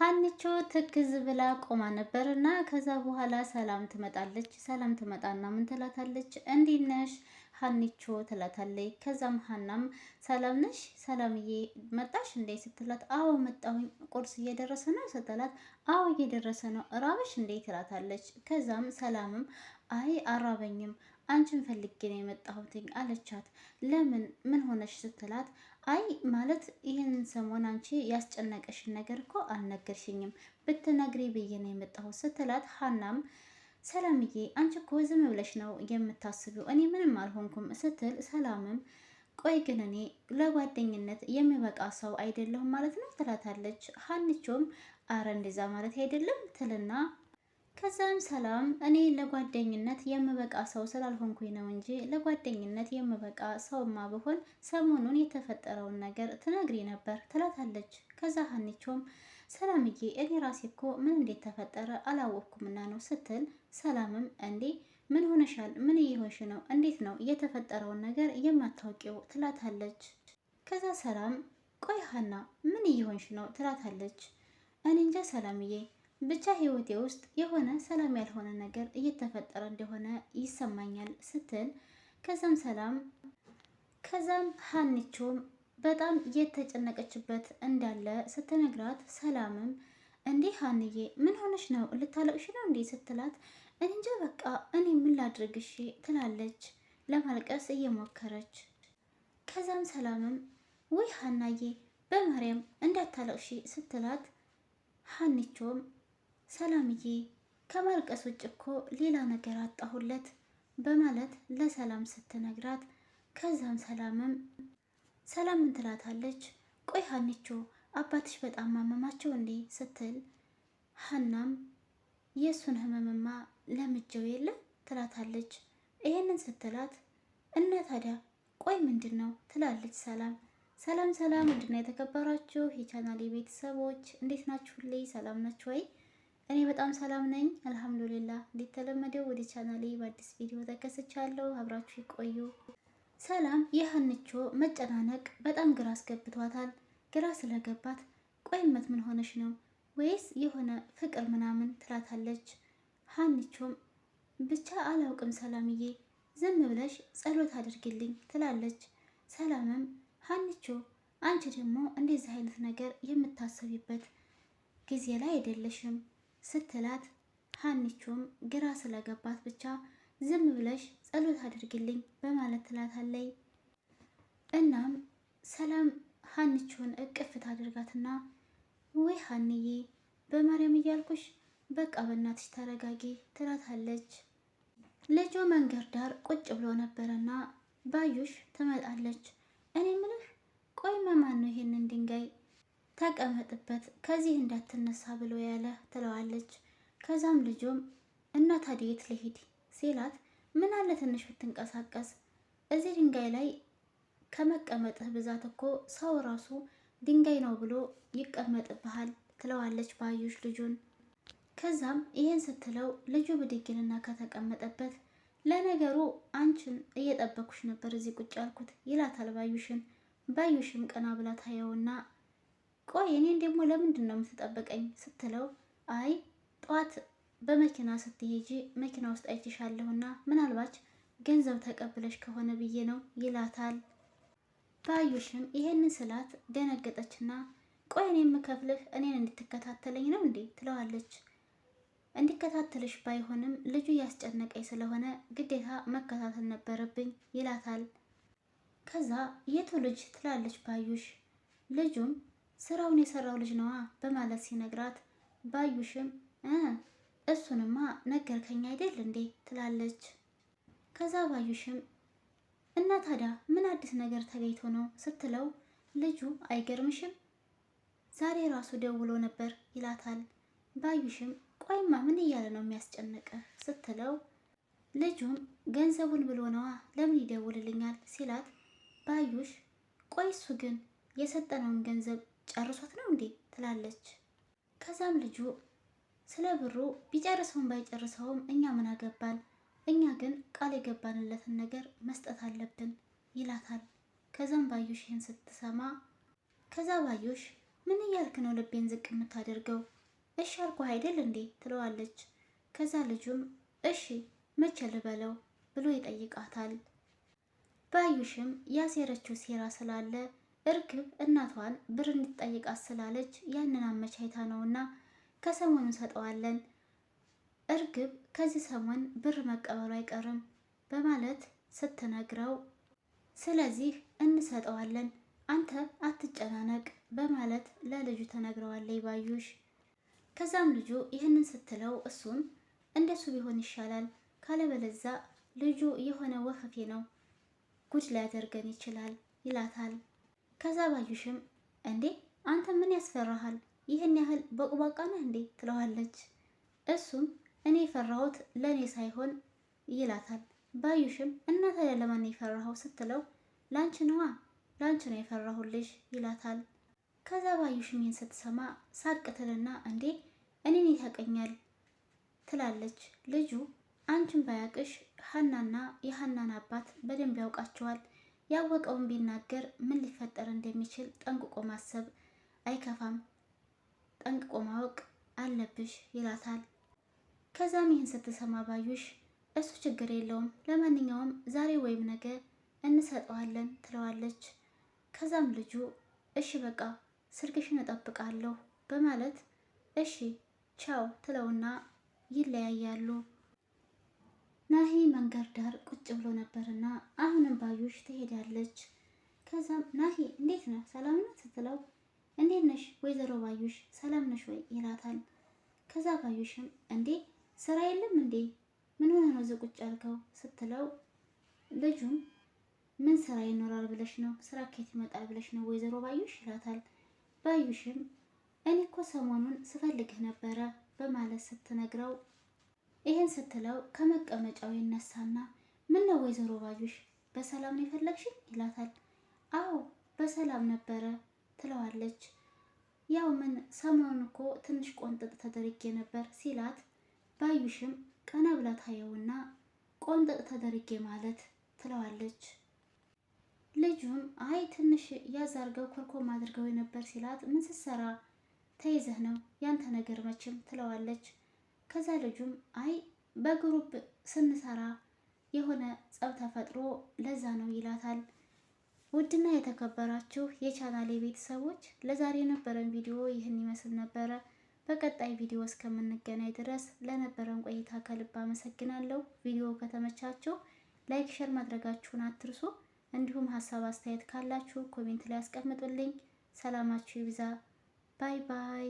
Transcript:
ሀኒቾ ትክዝ ብላ ቆማ ነበር እና ከዛ በኋላ ሰላም ትመጣለች። ሰላም ትመጣና ምን ትላታለች? እንዴት ነሽ ሀኒቾ ትላታለች። ከዛም ሀናም ሰላም ነሽ ሰላምዬ መጣሽ እንዴ ስትላት፣ አዎ መጣሁኝ ቁርስ እየደረሰ ነው ስትላት፣ አዎ እየደረሰ ነው እራበሽ እንዴ ትላታለች። ከዛም ሰላምም አይ አራበኝም አንቺን ፈልጌ ነው የመጣሁትኝ አለቻት። ለምን ምን ሆነሽ ስትላት አይ ማለት ይህን ሰሞን አንቺ ያስጨነቀሽን ነገር እኮ አልነገርሽኝም ብትነግሪ ብዬ ነው የመጣሁት ስትላት ሀናም ሰላምዬ አንቺ እኮ ዝም ብለሽ ነው የምታስቢው፣ እኔ ምንም አልሆንኩም ስትል ሰላምም ቆይ ግን እኔ ለጓደኝነት የሚበቃ ሰው አይደለሁም ማለት ነው ትላታለች። ሀንቾም አረ እንደዛ ማለት አይደለም ትልና ከዛም ሰላም እኔ ለጓደኝነት የምበቃ ሰው ስላልሆንኩኝ ነው እንጂ ለጓደኝነት የምበቃ ሰውማ ብሆን ሰሞኑን የተፈጠረውን ነገር ትነግሪ ነበር ትላታለች። ከዛ ሀኒቾም ሰላምዬ እኔ ራሴ እኮ ምን እንዴት ተፈጠረ አላወቅኩምና ነው ስትል፣ ሰላምም እንዴ ምን ሆነሻል? ምን እየሆንሽ ነው? እንዴት ነው የተፈጠረውን ነገር የማታውቂው? ትላታለች። ከዛ ሰላም ቆይ ሀና ምን እየሆንሽ ነው? ትላታለች። እኔ እንጃ ሰላምዬ ብቻ ህይወቴ ውስጥ የሆነ ሰላም ያልሆነ ነገር እየተፈጠረ እንደሆነ ይሰማኛል ስትል ከዛም ሰላም ከዛም ሀኒቾም በጣም እየተጨነቀችበት እንዳለ ስትነግራት ሰላምም እንዲህ ሀንዬ ምን ሆነሽ ነው ልታለቅሽ ነው እንዴ ስትላት እንጃ በቃ እኔ ምን ላድርግሽ ትላለች ለማልቀስ እየሞከረች ከዛም ሰላምም ወይ ሀናዬ በማርያም እንዳታለቅሺ ስትላት ሀኒቾም ሰላምዬ ከማልቀስ ውጭ እኮ ሌላ ነገር አጣሁለት በማለት ለሰላም ስትነግራት፣ ከዛም ሰላምም ሰላም ትላታለች። ቆይ ሀኒቾ አባትሽ በጣም ማመማቸው እንዴ ስትል፣ ሀናም የእሱን ህመምማ ለምጀው የለ ትላታለች። ይሄንን ስትላት እና ታዲያ ቆይ ምንድን ነው ትላለች ሰላም። ሰላም ሰላም፣ ምንድን ነው የተከበራችሁ የቻናል ቤተሰቦች እንዴት ናችሁልኝ? ሰላም ናችሁ ወይ? እኔ በጣም ሰላም ነኝ አልሐምዱሊላ። እንደተለመደው ወደ ቻናሌ በአዲስ ቪዲዮ ተከስቻለሁ። አብራችሁ ይቆዩ። ሰላም የሀንቾ መጨናነቅ በጣም ግራ አስገብቷታል። ግራ ስለገባት ቆይመት ምን ሆነሽ ነው ወይስ የሆነ ፍቅር ምናምን ትላታለች። ሀንቾም ብቻ አላውቅም ሰላምዬ፣ ዝም ብለሽ ጸሎት አድርግልኝ ትላለች። ሰላምም ሀንቾ አንቺ ደግሞ እንደዚህ አይነት ነገር የምታሰቢበት ጊዜ ላይ አይደለሽም ስትላት ሀኒቾም ግራ ስለገባት ብቻ ዝም ብለሽ ጸሎት አድርግልኝ በማለት ትላታለይ። እናም ሰላም ሀኒቾን እቅፍት አድርጋትና ወይ ሀንዬ በማርያም እያልኩሽ በቃ በእናትሽ ተረጋጊ ትላታለች። ልጁ መንገድ ዳር ቁጭ ብሎ ነበረና ባዩሽ ትመጣለች። እኔ ምልህ ቆይ መማን ነው ይሄንን ድንጋይ ተቀመጥበት ከዚህ እንዳትነሳ ብሎ ያለ ትለዋለች። ከዛም ልጁም እና ታዲያ የት ልሂድ ሲላት ምን አለ ትንሽ ብትንቀሳቀስ እዚህ ድንጋይ ላይ ከመቀመጥህ ብዛት እኮ ሰው ራሱ ድንጋይ ነው ብሎ ይቀመጥብሃል ትለዋለች ባዩሽ ልጁን። ከዛም ይህን ስትለው ልጁ ብድግልና ከተቀመጠበት ለነገሩ አንቺን እየጠበኩሽ ነበር እዚህ ቁጭ ያልኩት ይላታል ባዩሽን። ባዩሽም ቀና ብላ ታየውና ቆይ እኔን ደግሞ ለምንድን ነው የምትጠብቀኝ ስትለው አይ ጠዋት በመኪና ስትሄጂ መኪና ውስጥ አይችሻለሁና ምናልባች ገንዘብ ተቀብለሽ ከሆነ ብዬ ነው ይላታል። ባዩሽም ይሄንን ስላት ደነገጠችና ቆይ እኔ የምከፍልህ እኔን እንድትከታተለኝ ነው እንዴ ትለዋለች። እንዲከታተልሽ ባይሆንም ልጁ እያስጨነቀኝ ስለሆነ ግዴታ መከታተል ነበረብኝ ይላታል። ከዛ የቱ ልጅ ትላለች ባዩሽ። ልጁም ስራውን የሰራው ልጅ ነዋ በማለት ሲነግራት ባዩሽም እሱንማ ነገርከኝ አይደል እንዴ ትላለች። ከዛ ባዩሽም እና ታዲያ ምን አዲስ ነገር ተገኝቶ ነው ስትለው ልጁ አይገርምሽም ዛሬ ራሱ ደውሎ ነበር ይላታል። ባዩሽም ቆይማ ምን እያለ ነው የሚያስጨንቀ ስትለው ልጁም ገንዘቡን ብሎ ነዋ ለምን ይደውልልኛል ሲላት ባዩሽ ቆይ እሱ ግን የሰጠነውን ገንዘብ ጨርሶት ነው እንዴ ትላለች። ከዛም ልጁ ስለ ብሩ ቢጨርሰውም ባይጨርሰውም እኛ ምን አገባን፣ እኛ ግን ቃል የገባንለትን ነገር መስጠት አለብን ይላታል። ከዛም ባዩሽ ይህን ስትሰማ ከዛ ባዩሽ ምን እያልክ ነው ልቤን ዝቅ የምታደርገው? እሺ አልኩህ አይደል እንዴ ትለዋለች። ከዛ ልጁም እሺ መቼ ልበለው ብሎ ይጠይቃታል። ባዩሽም ያሴረችው ሴራ ስላለ እርግብ እናቷን ብር እንድትጠይቃት ስላለች ያንን አመቻይታ ነውና ከሰሞኑ እንሰጠዋለን። እርግብ ከዚህ ሰሞን ብር መቀበሉ አይቀርም በማለት ስትነግረው፣ ስለዚህ እንሰጠዋለን፣ አንተ አትጨናነቅ በማለት ለልጁ ተነግረዋለች ባዩሽ። ከዛም ልጁ ይህንን ስትለው እሱም እንደሱ ቢሆን ይሻላል፣ ካለበለዛ ልጁ የሆነ ወፈፌ ነው ጉድ ሊያደርገን ይችላል ይላታል። ከዛ ባዩሽም እንዴ አንተ ምን ያስፈራሃል? ይህን ያህል በቁባቃ ነህ እንዴ ትለዋለች። እሱም እኔ የፈራሁት ለእኔ ሳይሆን ይላታል። ባዩሽም እናተ ታዲያ ለማን የፈራኸው ስትለው ላንቺ ነዋ ላንቺ ነው የፈራሁልሽ ይላታል። ከዛ ባዩሽም ይህን ስትሰማ ሳቅትልና እንዴ እኔን ይታቀኛል ትላለች። ልጁ አንቺን ባያቅሽ ሀናና የሀናን አባት በደንብ ያውቃቸዋል ያወቀውን ቢናገር ምን ሊፈጠር እንደሚችል ጠንቅቆ ማሰብ አይከፋም፣ ጠንቅቆ ማወቅ አለብሽ ይላታል። ከዛም ይህን ስትሰማ ባዩሽ እሱ ችግር የለውም ለማንኛውም ዛሬ ወይም ነገ እንሰጠዋለን ትለዋለች። ከዛም ልጁ እሺ በቃ ስልክሽን እጠብቃለሁ በማለት እሺ ቻው ትለውና ይለያያሉ። ናሂ መንገድ ዳር ቁጭ ብሎ ነበርና አሁንም ባዩሽ ትሄዳለች። ከዛም ናሂ እንዴት ነህ ሰላም ነው ስትለው እንዴት ነሽ ወይዘሮ ባዩሽ ሰላም ነሽ ወይ ይላታል። ከዛ ባዩሽም እንዴ ስራ የለም እንዴ ምን ሆነ ነው እዚህ ቁጭ አልከው ስትለው ልጁም ምን ስራ ይኖራል ብለሽ ነው ስራ ከየት ይመጣል ብለሽ ነው ወይዘሮ ባዩሽ ይላታል። ባዩሽም እኔ እኮ ሰሞኑን ስፈልግህ ነበረ በማለት ስትነግረው ይህን ስትለው ከመቀመጫው ይነሳና ምን ነው ወይዘሮ ባዩሽ በሰላም ነው የፈለግሽኝ? ይላታል። አዎ በሰላም ነበረ ትለዋለች። ያው ምን ሰሞኑን እኮ ትንሽ ቆንጥጥ ተደርጌ ነበር ሲላት፣ ባዩሽም ቀና ብላ ታየውና ቆንጥጥ ተደርጌ ማለት ትለዋለች። ልጁም አይ ትንሽ ያዝ አድርገው ኮርኮም አድርገው ነበር ሲላት፣ ምን ስትሰራ ተይዘህ ነው ያንተ ነገር መቼም ትለዋለች። ከዛ ልጁም አይ በግሩፕ ስንሰራ የሆነ ጸብ ተፈጥሮ ለዛ ነው ይላታል። ውድና የተከበራችሁ የቻናሌ ቤተሰቦች ለዛሬ የነበረን ቪዲዮ ይህን ይመስል ነበረ። በቀጣይ ቪዲዮ እስከምንገናኝ ድረስ ለነበረን ቆይታ ከልብ አመሰግናለሁ። ቪዲዮ ከተመቻችሁ ላይክ፣ ሸር ማድረጋችሁን አትርሱ። እንዲሁም ሀሳብ አስተያየት ካላችሁ ኮሜንት ላይ አስቀምጡልኝ። ሰላማችሁ ይብዛ። ባይ ባይ።